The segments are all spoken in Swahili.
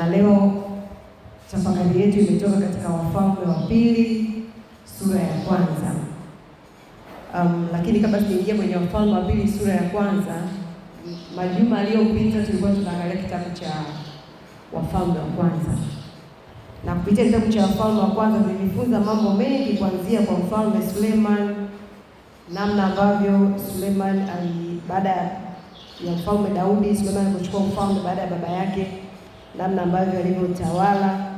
Na leo tafakari yetu imetoka katika Wafalme wa pili sura ya kwanza. Um, lakini kabla tuingie kwenye Wafalme wa pili sura ya kwanza, majuma aliyopita tulikuwa tunaangalia kitabu cha Wafalme wa kwanza, na kupitia kitabu cha Wafalme wa kwanza tulijifunza mambo mengi, kuanzia kwa mfalme Suleiman, namna ambavyo Suleiman baada ya mfalme Daudi, Suleiman alipochukua mfalme baada ya baba yake namna ambavyo alivyotawala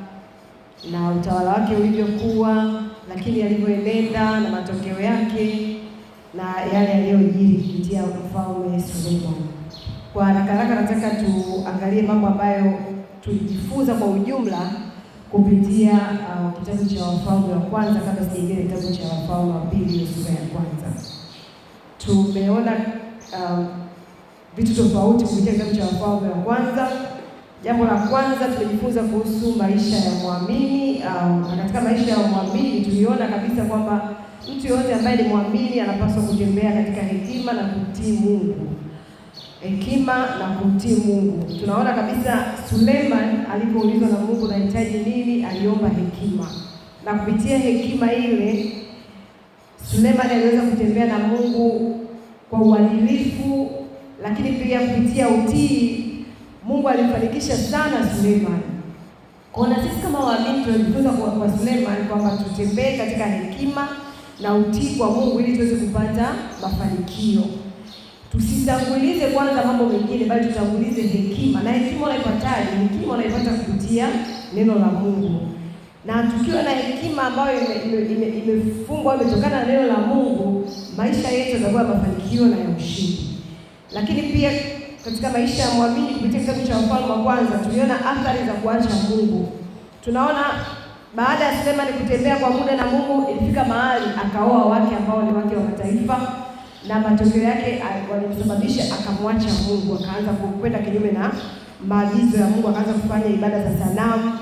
na utawala wake ulivyokuwa, lakini alivyoenenda na matokeo yake na yale yaliyojiri kupitia Mfalme Sulemani. Kwa haraka haraka, nataka tuangalie mambo ambayo tulijifunza kwa ujumla kupitia uh, kitabu cha Wafalme wa kwanza. Kabla sijaingia kitabu cha Wafalme wa pili sura ya kwanza, tumeona uh, vitu tofauti kupitia kitabu cha Wafalme wa kwanza Jambo la kwanza tulijifunza kuhusu maisha ya mwamini. Um, katika maisha ya mwamini tuliona kabisa kwamba mtu yoyote ambaye ni mwamini anapaswa kutembea katika hekima na kumtii Mungu, hekima na kumtii Mungu. Tunaona kabisa Suleiman alipoulizwa na Mungu nahitaji nini, aliomba hekima, na kupitia hekima ile Suleiman aliweza kutembea na Mungu kwa uadilifu, lakini pia kupitia utii Mungu alimfanikisha sana Suleiman. Kwa na sisi kama waamini tunajifunza kwa, kwa Suleiman kwamba tutembee katika hekima na utii kwa Mungu ili tuweze kupata mafanikio. Tusitangulize kwanza mambo mengine bali tutangulize hekima. Na hekima unaipataje? Hekima unaipata kupitia neno la Mungu. Na tukiwa na hekima ambayo imefungwa imetokana na neno la Mungu, maisha yetu yatakuwa mafanikio na ya ushindi. Lakini pia katika maisha ya mwamini kupitia kitabu cha Wafalme wa kwanza tuliona athari za kuacha Mungu. Tunaona baada ya Sulemani kutembea kwa muda na Mungu, ilifika mahali akaoa wake ambao ni wake wa mataifa, na matokeo yake walimsababisha akamwacha Mungu, akaanza kukwenda kinyume na maagizo ya Mungu, akaanza kufanya ibada za sanamu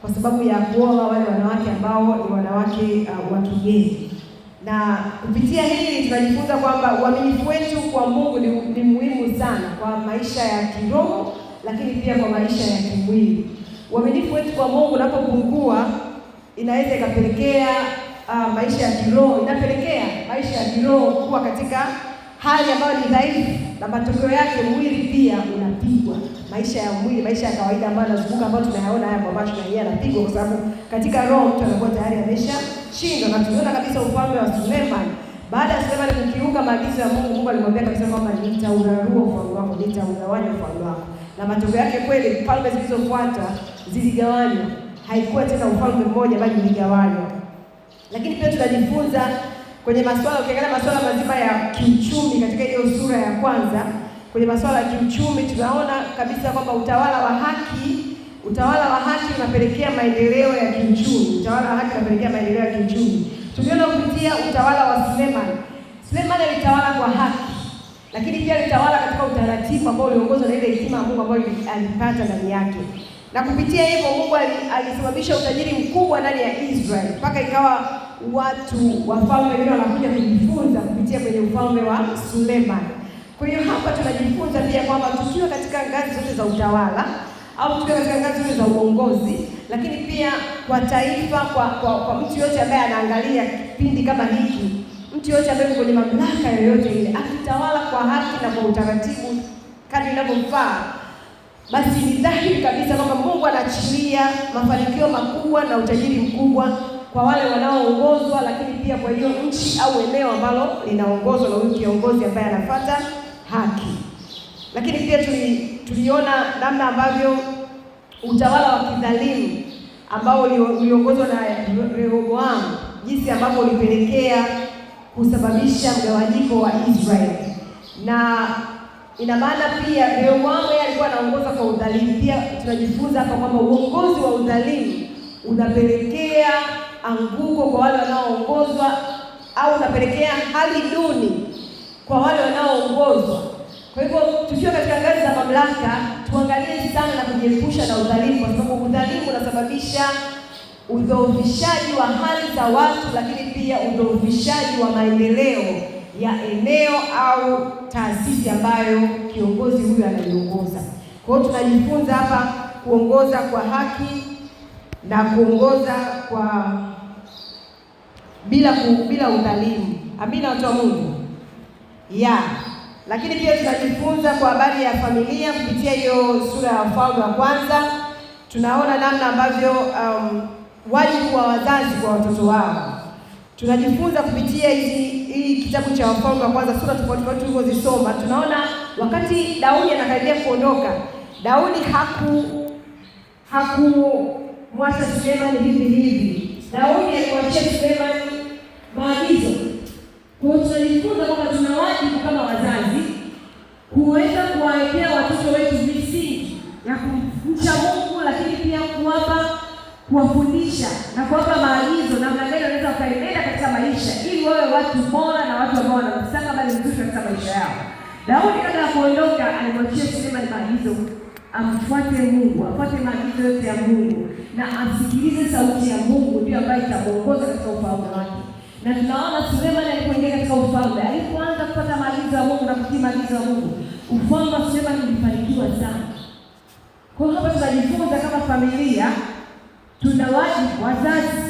kwa sababu ya kuoa wale wanawake ambao ni wanawake uh, watu wengi na kupitia hili tunajifunza kwamba uaminifu wetu kwa Mungu ni, ni muhimu sana kwa maisha ya kiroho, lakini pia kwa maisha ya kimwili. Uaminifu wetu kwa Mungu unapopungua inaweza ikapelekea uh, maisha ya kiroho inapelekea maisha ya kiroho kuwa katika hali ambayo ni dhaifu, na matokeo yake mwili pia unapigwa maisha ya mwili, maisha ya kawaida ambayo anazunguka, ambayo tunayaona haya kwa macho na pigo, kwa sababu katika roho mtu anakuwa tayari amesha shindwa, na tunaona kabisa ufalme wa Sulemani. Baada ya Sulemani kukiuka maagizo ya Mungu, Mungu alimwambia kabisa kwamba nitaurarua ufalme wako, nitaugawanya ufalme wako, na matokeo yake kweli falme zilizofuata ziligawanywa. Haikuwa tena ufalme mmoja, bali iligawanywa. Lakini pia tunajifunza kwenye masuala, ukiangalia masuala mazima ya kiuchumi katika hiyo sura ya kwanza kwenye masuala ya kiuchumi, tunaona kabisa kwamba utawala wa haki, utawala wa haki unapelekea maendeleo ya kiuchumi. Utawala wa haki unapelekea maendeleo ya kiuchumi. Tumeona kupitia utawala wa Sulemani. Sulemani alitawala kwa haki, lakini pia alitawala katika utaratibu ambao uliongozwa na ile hekima Mungu ambayo alipata ndani yake, na kupitia hivyo Mungu alisababisha utajiri mkubwa ndani ya Israeli mpaka ikawa watu wafalme wengine wanakuja kujifunza kupitia kwenye ufalme wa Sulemani. Kwa hiyo hapa tunajifunza pia kwamba tusiwe katika ngazi zote za utawala au tuwe katika ngazi zote za uongozi, lakini pia kwa taifa, kwa kwa, kwa mtu yote ambaye anaangalia kipindi kama hiki, mtu yote ambaye kwenye mamlaka yoyote ile akitawala kwa haki na kwa utaratibu kadri inavyofaa, basi ni dhahiri kabisa kwamba Mungu anaachilia mafanikio makubwa na utajiri mkubwa kwa wale wanaoongozwa, lakini pia kwa hiyo nchi au eneo ambalo linaongozwa na huyu kiongozi ambaye anafuata haki. Lakini pia tuli, tuliona namna ambavyo utawala wa kidhalimu ambao uliongozwa na Rehoboam jinsi ambavyo ulipelekea kusababisha mgawanyiko wa Israeli, na ina maana pia Rehoboam yeye alikuwa anaongoza kwa udhalimu. Pia tunajifunza hapa kwamba uongozi wa udhalimu unapelekea anguko kwa wale wanaoongozwa au unapelekea hali duni kwa wale wanaoongozwa. Kwa hivyo tukiwa katika ngazi za mamlaka, tuangalie sana na kujiepusha na udhalimu, kwa sababu udhalimu unasababisha udhoofishaji wa hali za watu, lakini pia udhoofishaji wa maendeleo ya eneo au taasisi ambayo kiongozi huyo anaiongoza. Kwa hiyo tunajifunza hapa kuongoza kwa haki na kuongoza kwa bila ku, bila udhalimu. Amina, watu wa Mungu ya lakini pia tutajifunza kwa habari ya familia kupitia hiyo sura ya Wafalme wa kwanza. Tunaona namna ambavyo um, wajibu wa wazazi kwa watoto wao tunajifunza kupitia hii kitabu cha Wafalme wa kwanza sura tofauti tofauti tulivyozisoma. Tunaona wakati Daudi anakaribia kuondoka, Daudi haku hakumwacha Sulemani hivi hivi. Daudi alimwachia Sulemani maisha, ili wawe watu bora na watu ambao wanakusanga bali mzuri katika maisha yao. Daudi kabla ya kuondoka, alimwachia Sulemani maagizo amfuate Mungu, afuate maagizo yote ya Mungu na asikilize sauti ya Mungu, ndio ambayo itamuongoza katika ufalme wake. Na tunaona Sulemani alipoingia katika ufalme, alipoanza kupata maagizo ya Mungu na kutii maagizo ya Mungu, ufalme wa Sulemani ulifanikiwa sana. Kwa hiyo hapa tunajifunza kama familia, tuna wajibu wazazi